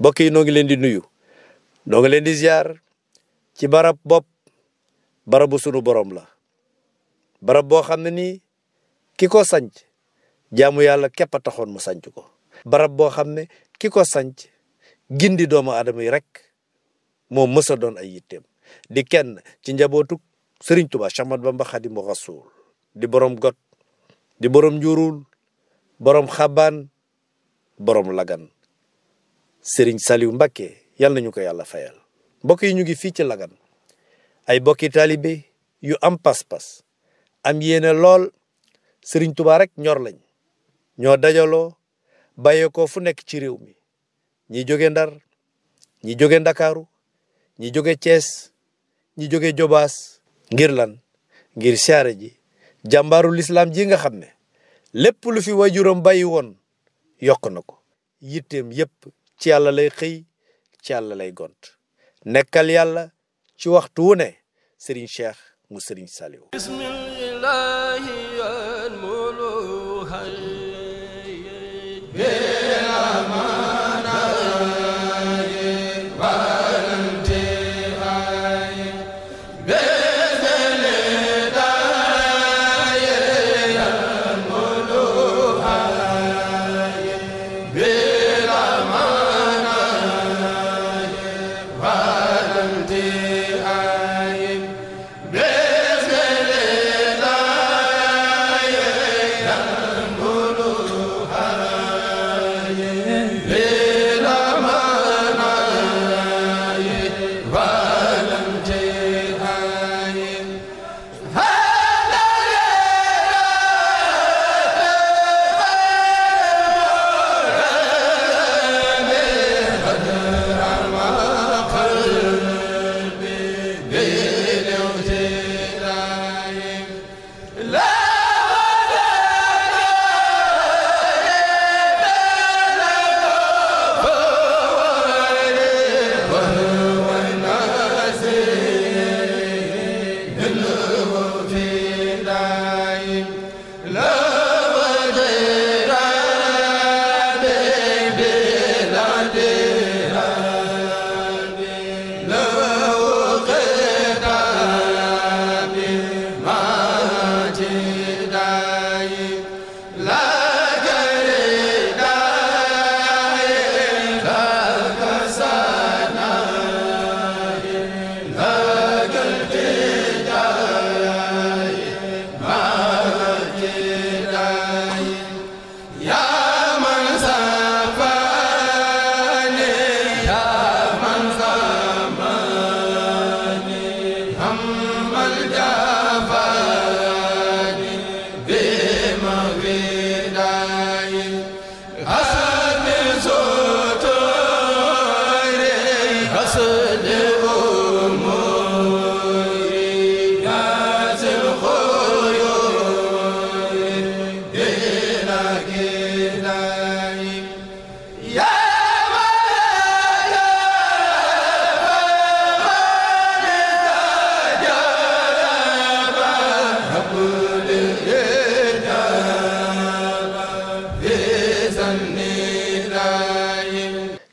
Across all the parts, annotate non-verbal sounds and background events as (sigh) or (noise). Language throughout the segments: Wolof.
mbokk yi noo ngi leen di nuyu noo leen di ziar ci barab bopp barabu sunu borom la barab boo xam ne nii ki ko sanc jaamu yàlla képp a taxoon mu sanc ko barab boo xam ne ki ko sanc gindi doomu aadama yi rek moo mësa doon ay yitteem di kenn ci njabootu sëriñ Tuubaa Séex Ahmadu Bamba Xaadimu Rasuul di borom got di borom njurul borom xaban borom lagan Serigne Saliou Mbacké yàlla nañu ko yàlla fayal mbokk yi ñu ngi fii ci Lagan ay bokki taalibe yu am pas-pas am yéene lool Serigne Touba rek ñor lañ ñoo dajaloo bàyyeekoo fu nekk ci réew mi ñi jóge Ndar ñi jóge Ndakaaru ñi jóge Cees ñi jóge Jobaas ngir lan ngir siyaare ji jàmbaarul islaam ji nga xam ne lépp lu fi waajuram bàyyi woon yokk na ko yitteem yépp ci yàlla lay xëy ci yàlla lay gont nekkal yàlla ci waxtu wu ne Serigne Cheikh mu Serigne Saliou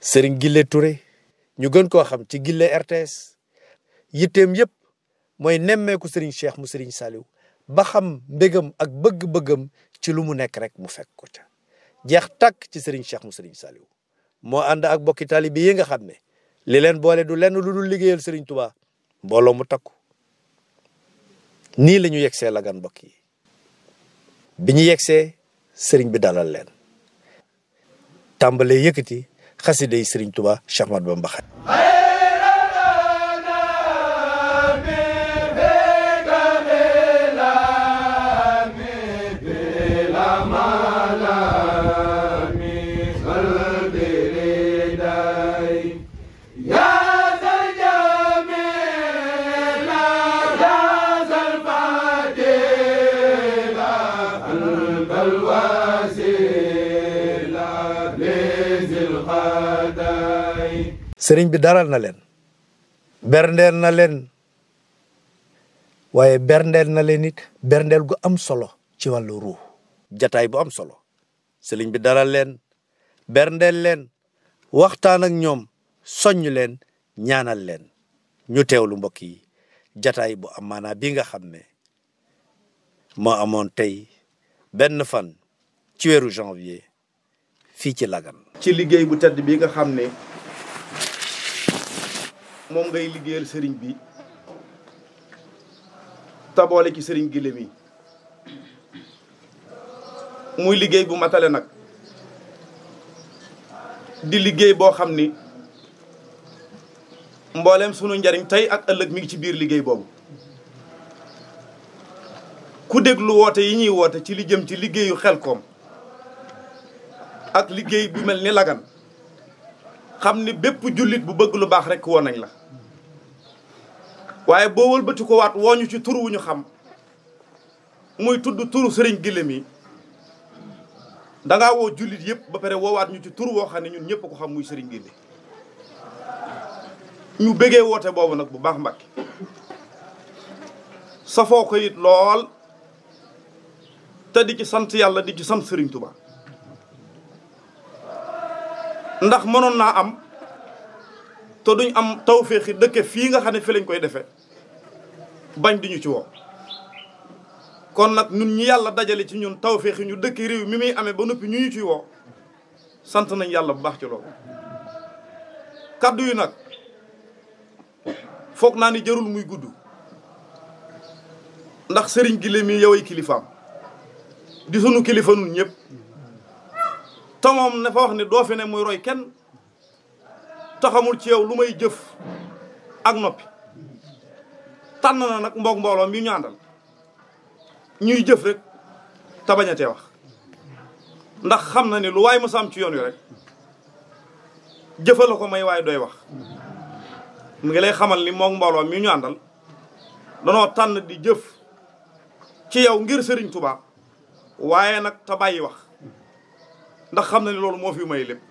Serigne Guille Touré ñu gën koo xam ci gile RTS yitteem yëpp mooy nemmeeku Serigne Cheikh mu Serigne saliw ba xam mbégam ak bëgg-bëggam ci lu mu nekk rek mu fekk ko ca jeex takk ci sëriñ Cheikh mu Serigne Saliou moo ànd ak bokki taalibe yi nga xam ne li leen boole du lenn lu dul liggéeyal Serigne Touba mbooloo mu takku nii la ñu yegsee lagan mbokk yi bi ñu yegsee sëriñ bi dalal leen tàmbalee yëkkati xasida yi Serigne Touba Cheikh Ahmadou Bamba sëriñ bi daral na leen berndeel na leen waaye berndeel na leen it berndeel gu am solo ci wàllu ruux jataay bu am solo sëriñ bi daral leen berndeel leen waxtaan ak ñoom soññ leen ñaanal leen ñu teewlu mbokk yi jataay bu am maanaa bi nga xam ne moo amoon tey benn fan ci weeru janvier fii ci lagan ci liggéey bu tedd bi nga xam ne. moom ngay liggéeyal sëriñ bi taboole ci sëriñ gilem yi muy liggéey bu matale nag di liggéey boo xam ni mbooleem sunu njariñ tey ak ëllëg mi ngi ci biir liggéey boobu ku déglu woote yi ñuy woote ci li jëm ci liggéeyu Xelcom ak liggéey bu mel ni Lagane xam ni bépp jullit bu bëgg lu baax rek woo nañ la waaye boo wëlbati ko waat woo ñu ci tur wu ñu xam muy tudd tur sëriñ Gilem yi danga woo jullit yëpp ba pare woowaat ñu ci tur woo xam ne ñun ñëpp ko xam muy sëriñ Gilem ñu bëggee woote boobu nag bu baax Mbàkke safoo ko lool te di ci sant yàlla di ci sant sëriñ Tuubaa ndax mënoon naa am te duñ am tawféexi dëkke fii nga xam ne fi lañ koy defe bañ di ñu ci woo kon nag ñun ñu yàlla dajale ci ñun tawféexi ñu dëkk réew mi muy amee ba noppi ñu ñu ci woo sant nañ yàlla bu baax ci loolu kàddu yi nag foog naa ni jarul muy gudd ndax sëriñ Gile mi yow ay kilifaam di sunu kilifa nun ñëpp te moom dafa wax ni doo ne muy roy kenn taxamul ci yow lu may jëf ak noppi tànn na nag mboog mbooloom yu ñu àndal ñuy jëf rek te bañ a wax ndax xam na ni lu waay mu sàmm ci yoon wi rek jëfa la ko may waaye doy wax mu ngi lay xamal ni mboog mbooloom yu ñu àndal danoo tànn di jëf ci yow ngir Sëriñ Tuubaa waaye nag te bàyyi wax ndax xam na ni loolu moo fi may lépp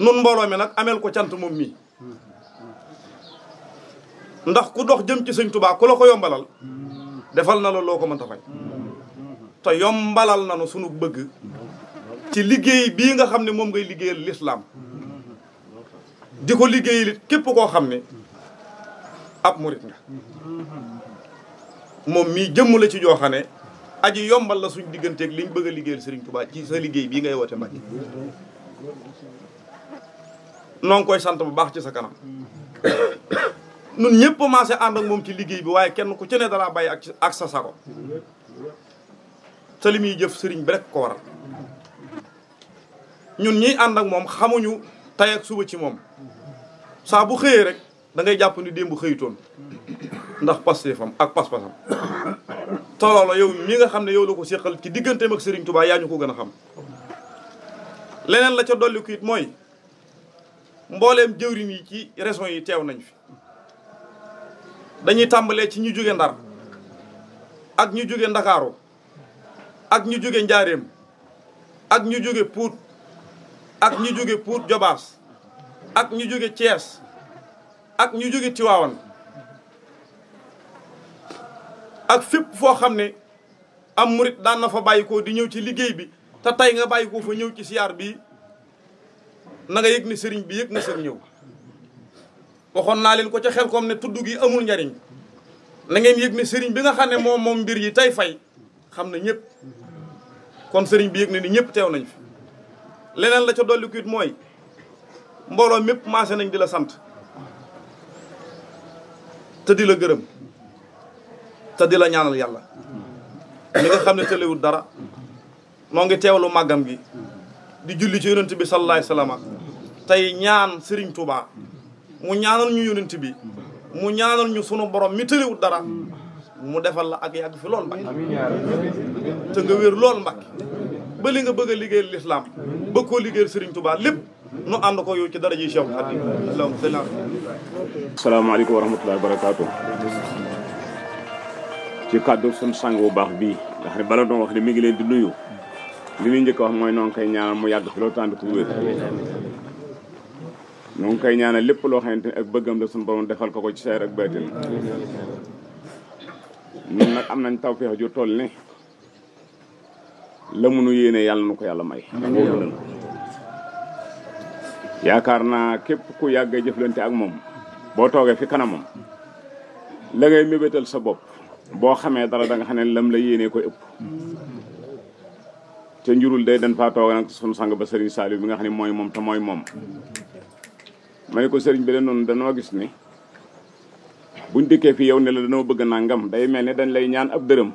nun mbooloo nag ameel ko cant moom mii ndax ku dox jëm ci sëñ Tuubaa ku la ko yombalal defal na la loo ko mënta fay te yombalal na nu sunu bëgg ci liggéey bii nga xam ne moom ngay liggéeyal lislaam di ko liggéeyal képp koo xam ne ab murit nga moom mii jëmm la ci joo aji yombal la suñ digganteeg liñ bëgg a liggéeyal Serigne Touba ci sa liggéey bi ngay woote Mbacke noo ngi koy sant bu baax ci sa kanam nun ñëpp commencé àndak moom ci liggéey bi waaye kenn ku ci ne dalaa bàyyi ak ak sa sago te li muy jëf sëriñ bi rek ko waral ñun ñi àndak moom xamuñu tay ak suba ci moom saa bu xëyee rek dangay jàpp ni démb xëyutoon ndax pastéefam ak pas-pasam tolloo la yow mi nga xam ne yow la ko séqal ci digganteem ak Serigne Touba yaa ñu ko gën a xam leneen la ca dolli mooy mbooleem jëwriñ yi ci régions yi teew nañ fi dañuy tàmbalee ci ñu jóge Ndar ak ñu jóge Ndakaaru ak ñu jóge Njaaréem ak ñu jóge Pout ak ñu jóge Pout Jobaas ak ñu jóge Thiès ak ñu jóge Tiwaawan ak fépp foo xam ne am murit daan na fa bàyyikoo di ñëw ci liggéey bi te tey nga bàyyikoo fa ñëw ci siyaar bi na nga yëg ne sëriñ bi yëg na sëg ñëw waxoon naa leen ko ca ne tudd gi amul njariñ na ngeen yëg ne sëriñ bi nga xam ne moom moom mbir yi tey fay xam na ñëpp kon sëriñ bi yëg ne ni ñëpp teew nañ fi leneen la ca dolli kuit mooy mbooloo mépp maase nañ di la sant te di la gërëm te di la ñaanal yàlla li nga xam ne tëlewul dara noo ngi teewlu màggam gi di julli ci yonent bi sallallahu alayhi wasallam tey ñaan Serigne Touba mu ñaanal ñu yonent bi mu ñaanal ñu sunu borom mi tëlewul dara mu defal la ak yàgg fi lool Mbàkke te nga wér lool Mbàkke ba li nga bëgg a lislaam bëgg koo liggéeyal Serigne Touba lépp nu ànd ko yow ci dara ji Cheikh Khadim allahumma salli salaamaaleykum wa barakaatu ci kàddu suñu sang bu baax bii nga xam bala doon wax ne mi ngi leen di nuyu li ñuy njëkk wax mooy noo ngi koy mu yàgg fi loolu tànd ko wér noo ngi koy ñaanal lépp loo xamante ne ak bëggam la suñu mu defal ko ko ci seer ak baytin ñun nag am nañ tawfeex ju toll ne la munu yéene yàlla nu ko yàlla may yaakaar naa képp ku yàgg jëflante ak moom boo toogee fi kanamam la ngay mébétal sa bopp boo xamee dara danga xam ne lam la yéenee ko ëpp te njurul day dañ faa toog sunu sang ba sëriñ Saliou bi nga xam ne mooy moom te mooy moom ma ne ko sëriñ bi de noonu danoo gis ni buñ dëkkee fi yow ne la danoo bëgg nangam day mel ne dañ lay ñaan ab dërëm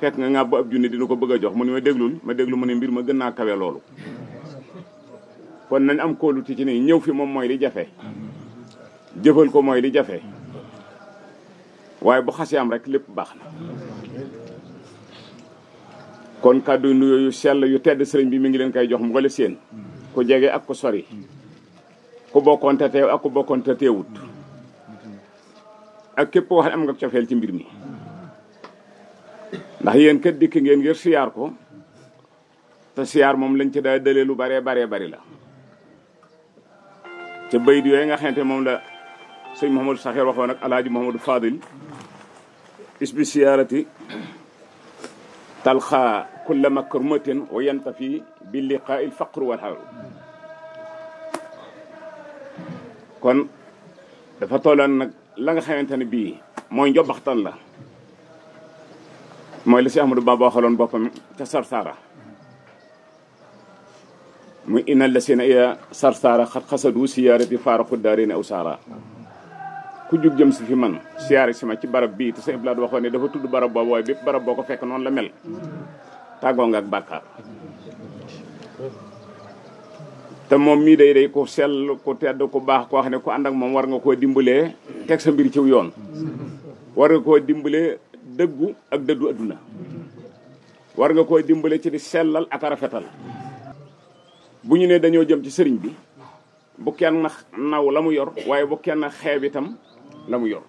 fekk nga ngàbb ab junni dina ko bëgg a jox mu ni ma déglul ma déglu mu ne mbir ma gën naa kawe loolu kon nañ am kóolute ci ni ñëw fi moom mooy di jafe jëfal ko mooy di jafe waaye bu xasee am rek lépp baax na kon kàddu nuyoo yu sell yu tedd sëriñ bi mi ngi leen koy jox mu gële seen ku jege ak ku sori ku bokkoon te teewut ak képp wax ne am nga cofeel ci mbir mi ndax yéen kat dikk ngeen ngir siyaar ko te siyaar moom lañ ci daa dalee lu baree baree bari la te bayit yooyu nga xamante moom la sëñ Mouhamadou Sakhir waxoon ak El Hadj Mouhamadou Fadil isbi siyaarati talxaa kulla makrumatin wa yantafi bi liqaa il faqru wal xawru kon dafa tolloon nag la nga xamante ne bii mooy njobaxtan la mooy li si Ahmadou Bamba waxaloon boppam ca Sarsara muy inna la seen iya Sarsara xat xasadu siyaarati faaraqu daarine aw saara ku jug jëm si fi man siyaare si ma ci barab bii te sa iblaat waxoon ne dafa tudd barab boobu waaye bépp barab boo ko fekk noonu la mel tàggoo nga ak bàkkaar te moom mii day day ku sel ku tedd ku baax koo xam ne ku ànd moom war nga koo dimbalee teg sa mbir ciw yoon war nga koo dimbalee dëggu ak dëddu adduna war nga koo dimbale ci di sellal ak rafetal bu ñu ne dañoo jëm ci sëriñ bi bu kenn naw la mu yor waaye bu kenn xeeb itam la mu yor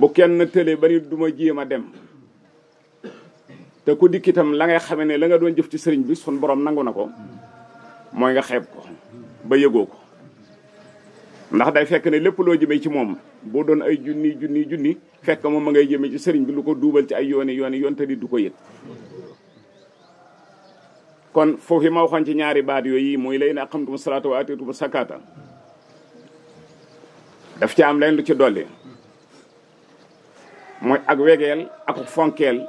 bu kenn tële ba nit du ma jéem a dem te ku dikkitam la ngay xame ne la nga doon jëf ci sëriñ bi sun borom nangu na ko mooy nga xeeb ko ba yëgoo ko ndax day fekk ne lépp loo jëmee ci moom boo doon ay junni junni junni fekk moom ma ngay jëmee ci sëriñ bi lu ko duubal ci ay yooni yooni yoon te di du ko yëg kon foofu yi ma ci ñaari baat yooyu mooy lay na xamtum salaata wa aatitum sakaata daf ci am leen lu ci dolli mooy ak wegeel ak fonkeel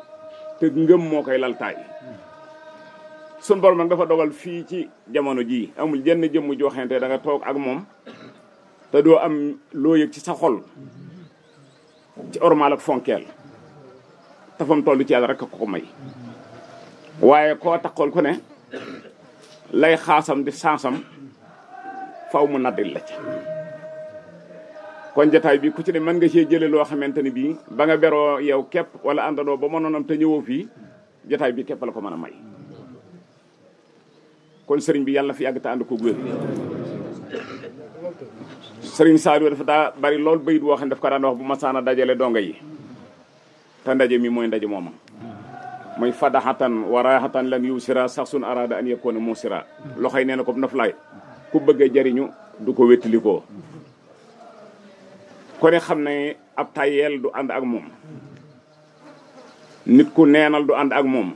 te ngëm moo koy laltaay sun ma nag dafa dogal fii ci jamono jii amul jenn jëmm joo xamante da nga toog ak moom te doo am loo ci sa xol ci ormal ak fonkeel te fa mu toll ci yàlla rek a ko may waaye koo taxool ko ne lay xaasam di sansam faw mu naddil la ca kon jataay bi ku ci ne man nga cee jëlee loo xamante ni bii ba nga beroo yow képp wala àndandoo ba mënoon am te ñëwoo fii jataay bi képp la ko mën a may kon sëriñ bi yàlla fi yàgg te ànd ko wér sëriñ Saliou dafa daa bari lool bayit woo xam ne daf ko daan wax bu masaana dajale donga yi te ndaje mi mooy ndaje mooma mooy fadaxatan waraxatan lan yu sira sax sun araada an yekkoon moo sira loxoy nee na ko noflaay ku bëgg jariñu du ko wéttalikoo ku ne xam ne ab tayeel du ànd ak moom nit ku neenal du ànd ak moom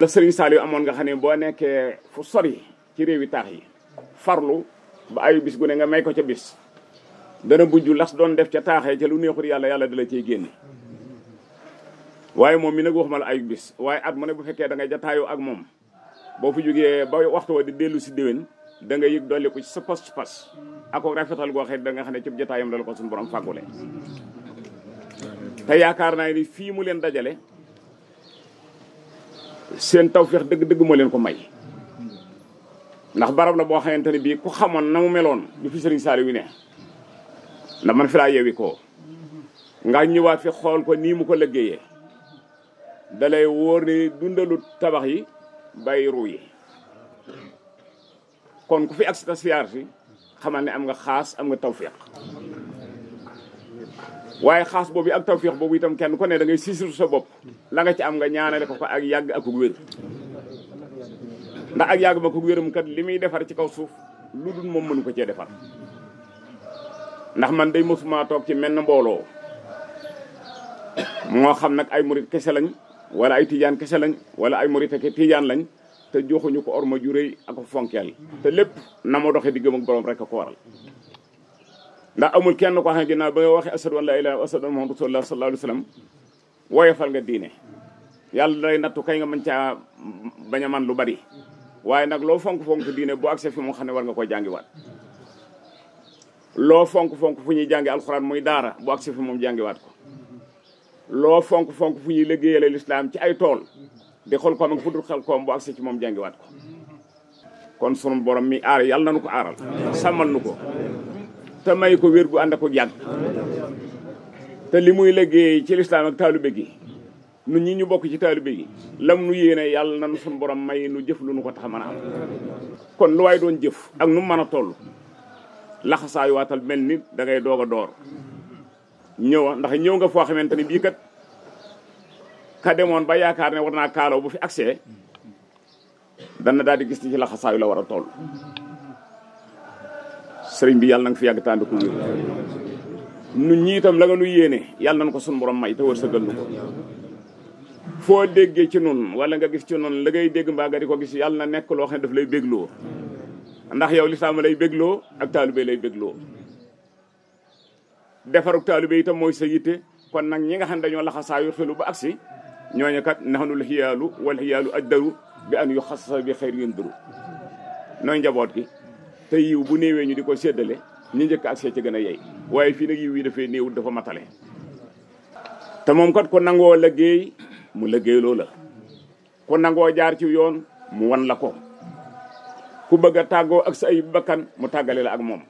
la sëriñ yu amoon nga xam ne boo nekkee fu sori ci réew réewi taax yi farlu ba ayu bis gu ne nga may ko ca bis dana bujj las doon def ca taaxee ca lu neexul yàlla yàlla dala cay génne waaye moom mi nag waxuma la ayu bis waaye at mu ne bu fekkee da nga jataayoo ak moom boo fi jógee ba waxtu wa di dellu si déwén da nga yëg dolli ko ci sa pas-pas ak rafetal goo xam da nga xam ne ci jotaayam la ko suñu borom fàggule te yaakaar naa ni fii mu leen dajale seen tawfeex dëgg-dëgg leen ko may ndax barab la boo xamante ne bii ku xamoon na mu meloon du fi Sëriñ Saliou wi ne ndax man fi laa yewi ko nga ñëwaat fi xool ko nii mu ko liggéeyee dalay wóor ni dundalut tabax yi bàyyi ruu yi kon ku fi ak sa siyaar si xamal ne am nga xaas am nga tawféex waaye xaas boobu ak tawféex boobu itam kenn ku ne da ngay siisir sa bopp langa nga ci am nga ñaanale ko ko ak yàgg ak wér ndax ak yàgg ba ko wéram kat li muy defar ci kaw suuf lu dul moom mënu ko cee defar ndax man day mosuma toog ci menn mbooloo moo xam nag ay murit kese lañ wala ay tijaan kese lañ wala ay murit ak tijaan lañ te joxuñu ko orma ju rëy ak fonkeel te lépp na ma doxee diggam ak borom rek a ko waral ndax amul kenn koo xam ne ginnaaw ba nga waxee ashadu an laa ilaaha illallaah ashadu anna muhammadan rasuulullaah sallallaahu alayhi wa sallam woyofal nga diine yàlla day nattu kay nga mën caa bañ a man lu bari waaye nag loo fonk-fonk diine boo agsee fi mu xam ne war nga koy jàngiwaat loo fonk-fonk fu ñuy jàngi alxuraan muy daara boo agsee fi moom jàngiwaat ko loo fonk-fonk fu ñuy liggéeyale lislaam ci ay tool di xool koom ak futul xel koom bu agsi ci moom jàngiwaat ko kon sunu borom mi aar yàlla na nu ko aaral sàmmal nu ko te may ko wér gu ànd ak yàgg te li muy liggéey ci lislaam ak taalibe gi nun ñi ñu bokk ci taalibe gi lam nu yéene yàlla na nu sunu borom may nu jëf lu nu ko tax mën a am kon lu waay doon jëf ak nu mën a toll waatal mel ni da ngay doog a door ñëw ndax ñëw nga foo xamante ni bii kat ka ba yaakaar ne war naa kaaloo bu fi accès dana daal di gis ni ci laxasaayu la war a toll sëriñ bi yàlla na nga fi yàgg tànd ku wér nun ñi itam la nga nu yéene yàlla nañ ko sun borom may te sa nu ko foo déggee ci nun wala nga gis ci nun la ngay dégg mbaa nga di ko gis yàlla na nekk loo xam ne daf lay bégloo ndax yow lislaam lay bégloo ak taalube lay bégloo defaruk taalube tam mooy sa yitte kon nag ñi nga xam ne dañoo laxasaa xelu ba agsi ñooñu kat naxnul xiyaalu wal xiyaalu addaru bi an yu xasasa bi xeyr yun nooy njaboot gi te yiw bu néewee ñu di ko séddale ñu njëkk ak see ci gën a yey waaye fii nag yiw yi dafay néewul dafa matale te moom kat ku nangoo liggéey mu liggéey loola ku nangoo jaar ci yoon mu wan la ko ku bëgg a tàggoo ak sa ay bakkan mu tàggale la ak moom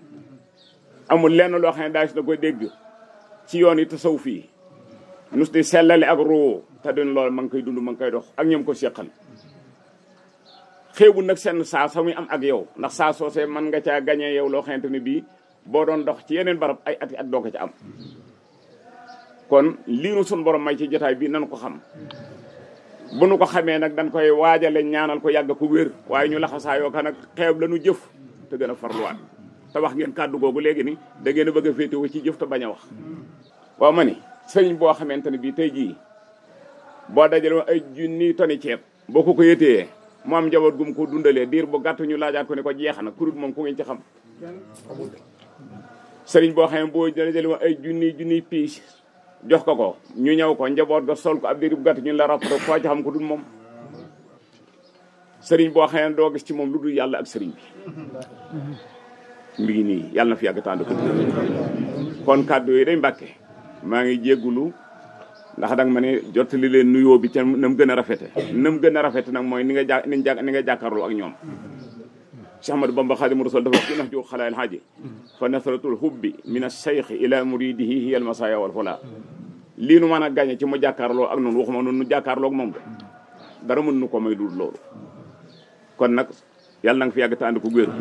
amul lenn loo xam ne daa si dégg ci yoon yi tasaw fii nus di sellale ak roo te doon loolu ma ngi koy dund ma ngi koy dox ak ñoom ko seqal xéewul nag seen saa sa muy am ak yow ndax saa soosee mën nga caa gañee yow loo xamante ne bii boo doon dox ci yeneen barab ay at at doo ko ca am kon lii nu sun borom may ci jotaay bii nanu ko xam bu nu ko xamee nag dañ koy waajale ñaanal ko yàgg ko wér waaye ñu laxasaayoo ka nag xeeb la nu jëf te gën a farluwaat te wax ngeen kàddu googu léegi ni da ngeen a bëgg a féetewoo ci jëf te bañ a wax waaw ma boo xamante ne bii tey jii boo dajale woon ay junni toni ceeb boo ko ko yëtee mu am njaboot gum ko dundalee diir bu gàtt ñu laajaat ko ne ko jeex na kurut moom ku ngeen ci xam sëriñ boo xam ne boo dajale wa ay junni junni piis jox ko ko ñu ñaw ko njaboot ga sol ko ab diir bu gàtt ñu la rappto foo ci xam ko dul moom sëriñ boo xam ne doo gis ci moom lu dul yàlla ak sëriñ bi mi ngi nii na fi yàgg tànd ko kon kàddu yi day mbàkke maa ngi jéggulu ndax danga ma ne jottali leen nuyoo bi ca na mu gën a rafete na mu gën a rafete nag mooy ni nga ja ni nga jàkkaarloo ak ñoom Cheikh Ahmadou Bamba Xaadimu Rasul dafa wax ci nax ju xalaal xaaji fa nasratul hubbi min ash-shaykh ila muridihi hiya al-masaya wal fula lii nu mën a gàñe ci mu jàkkaarloo ak noonu waxuma noonu nu jàkkaarloo ak moom dara mën nu ko may dul loolu kon nag yàlla na nga fi yàgg te ànd ko wéeru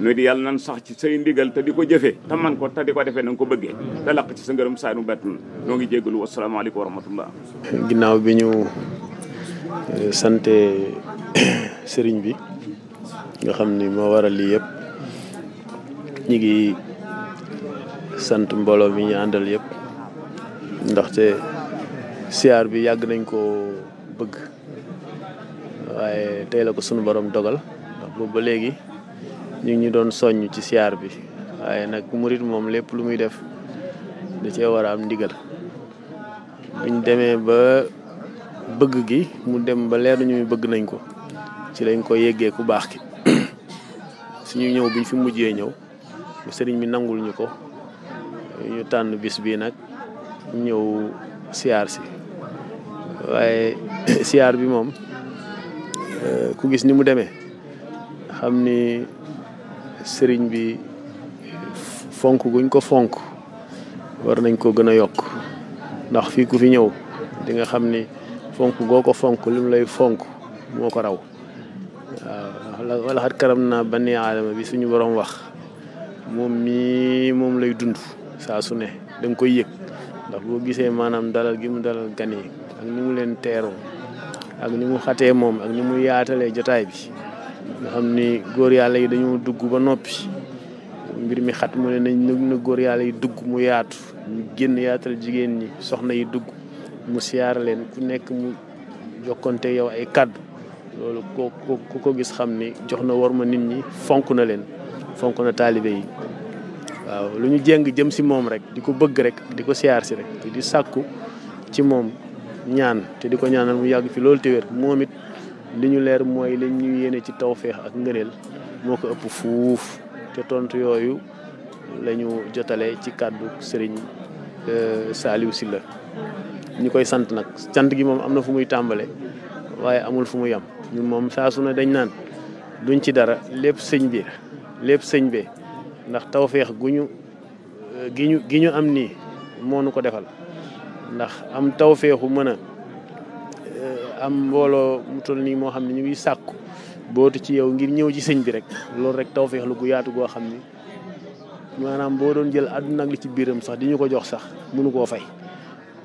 nu di nan sax ci say ndigal te di ko jëfee man ko te di ko defee ko bëggee te laq ci sa ngërëm saa nu bettul noo ngi jéggalu wasalaamaaleykum ginnaaw bi ñu eh, sante (coughs) sëriñ bi nga xam ni moo waral lii yëpp ñi ngi sant mbooloo mi ñu àndal yëpp ndaxte siyaar bi yàgg nañ koo bëgg waaye tey la ko sunu dogal ndax boobu ba ñu ñu doon soññ ci siyaar bi waaye nag murit moom lépp lu muy def da cee war a am ndigal buñ demee ba bëgg gi mu dem ba leer ñu bëgg nañ ko ci lañ ko yéggee ku baax ki (coughs) suñu ñëw biñ fi mujjee ñëw sëriñ bi nangul ñu ko ñu tànn bis bii nag ñëw siyaar si waaye (coughs) siyaar bi moom euh, ku gis ni mu demee xam ni sëriñ bi fonk guñ ko fonk war nañ koo gën a yokk ndax fii ku fi ñëw di nga xam ni fonk goo ko fonk lim lay fonk moo ko raw waaw wala xat karam naa bani aadama bi suñu borom wax moom mii moom lay dund saa su ne da koy yëg ndax boo gisee maanaam dalal gi mu dalal gan ak ni mu leen teeroo ak ni mu xatee moom ak ni mu yaatalee jotaay bi nga xam ni góor yàlla yi dañoo dugg ba noppi mbir mi xat mu ne nañ na góor yàlla yi dugg mu yaatu ñu génn yaatal jigéen ñi soxna yi dugg mu siyaar leen ku nekk mu jokkonte yow ay kàddu loolu ku ko gis xam ni jox na war ma nit ñi fonk na leen fonk na taalibe yi waaw lu ñu jéng jëm si moom rek di ko bëgg rek di ko siyaar si rek di sàkku ci moom ñaan te di ko ñaanal mu yàgg fi loolu te moom it li ñu leer mooy li ñu yéene ci tawféex ak ngëneel moo ko ëpp fuuf ca tontu yooyu lañu jotale ci kàddu sëriñ euh, Saliou Sylla ñu koy sant nag sant gi moom am na fu muy tàmbale waaye amul fu mu yam ñun moom saa su dañ naan duñ ci dara lépp sëñ bi lépp sëñ bi ndax tawféex gu ñu euh, gi ñu gi ñu am nii moo nu ko defal ndax am tawféexu mën a am mbooloo mu toll nii moo xam ne ñu ngi sàkku bootu ci yow ngir ñëw ci sëñ bi rek loolu rek tawféex lu gu yaatu goo xam ni maanaam boo doon jël àdduna ak li ci biiram sax di ñu ko jox sax mënu koo fay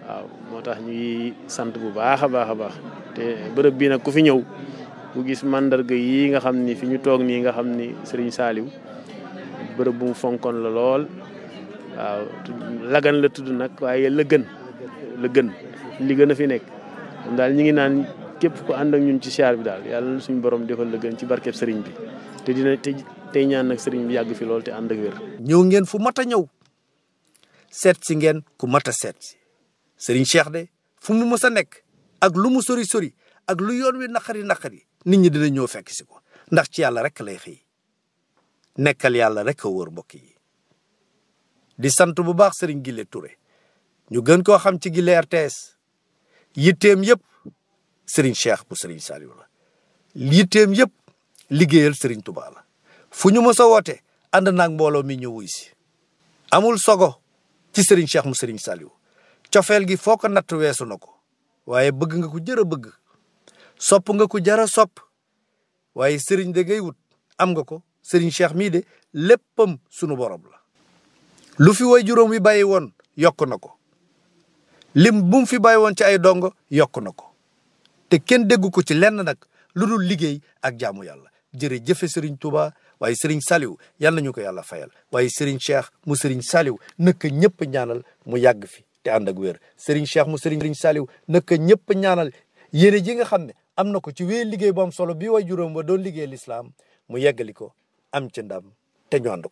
waaw moo tax ñuy sant bu baax a baax a baax te bërëb bii nag ku fi ñëw ku gis mandarga yi nga xam ni fi ñu toog nii nga xam ni sëriñ Saaliw bërëb bu mu fonkoon la lool waaw lagan la tudd nag waaye la gën la gën li gën a fi nekk daal ñi ngi naan képp ku ànd ak ñun ci siyaar bi daal yàlla suñu borom defal la gën ci barkeb sëriñ bi te dina te tey ñaan nag sëriñ bi yàgg fi lool te ànd ak wér. ñëw ngeen fu mat a ñëw seet si ngeen ku mat a seet si sëriñ Cheikh de fu mu mës a nekk ak lu mu sori sori ak lu yoon wi naqari naqari nit ñi dina ñëw fekk si ko ndax ci yàlla rek lay xëy nekkal yàlla rek a wóor mbokk yi. di sant bu baax sëriñ Gile ture ñu gën koo xam ci Gile RTS. yitteem yëpp Serigne Cheikh bu Serigne Saliou la yitteem yëpp liggéeyal Serigne Touba la fu ñu mës a woote ànd naag mbooloo mi ñu wuy amul sogo ci Serigne Cheikh mu Serigne Saliou cofeel gi foo ko natt weesu na ko waaye bëgg nga ko jër a bëgg sopp nga ko jara sop waaye Serigne da ngay am nga ko Serigne Cheikh mii de léppam sunu borom la lu fi way juróom wi bàyyi woon yokk na ko lim bu fi bàyyi woon ci ay dongo yokk na ko te kenn déggu ko ci lenn nag lu dul liggéey ak jaamu yàlla jërëjëfe Serigne Touba waaye Serigne Saliou yal nañu ko yàlla fayal waaye Serigne Cheikh mu Serigne Saliou naka ñëpp ñaanal mu yàgg fi te ànd ak wér Serigne Cheikh mu Serigne Saliou naka ñëpp ñaanal yéene ji nga xam ne am na ko ci wéy liggéey bu solo bi way juróom ba doon liggéey lislaam mu yeggali ko am ci ndam te ñu ànd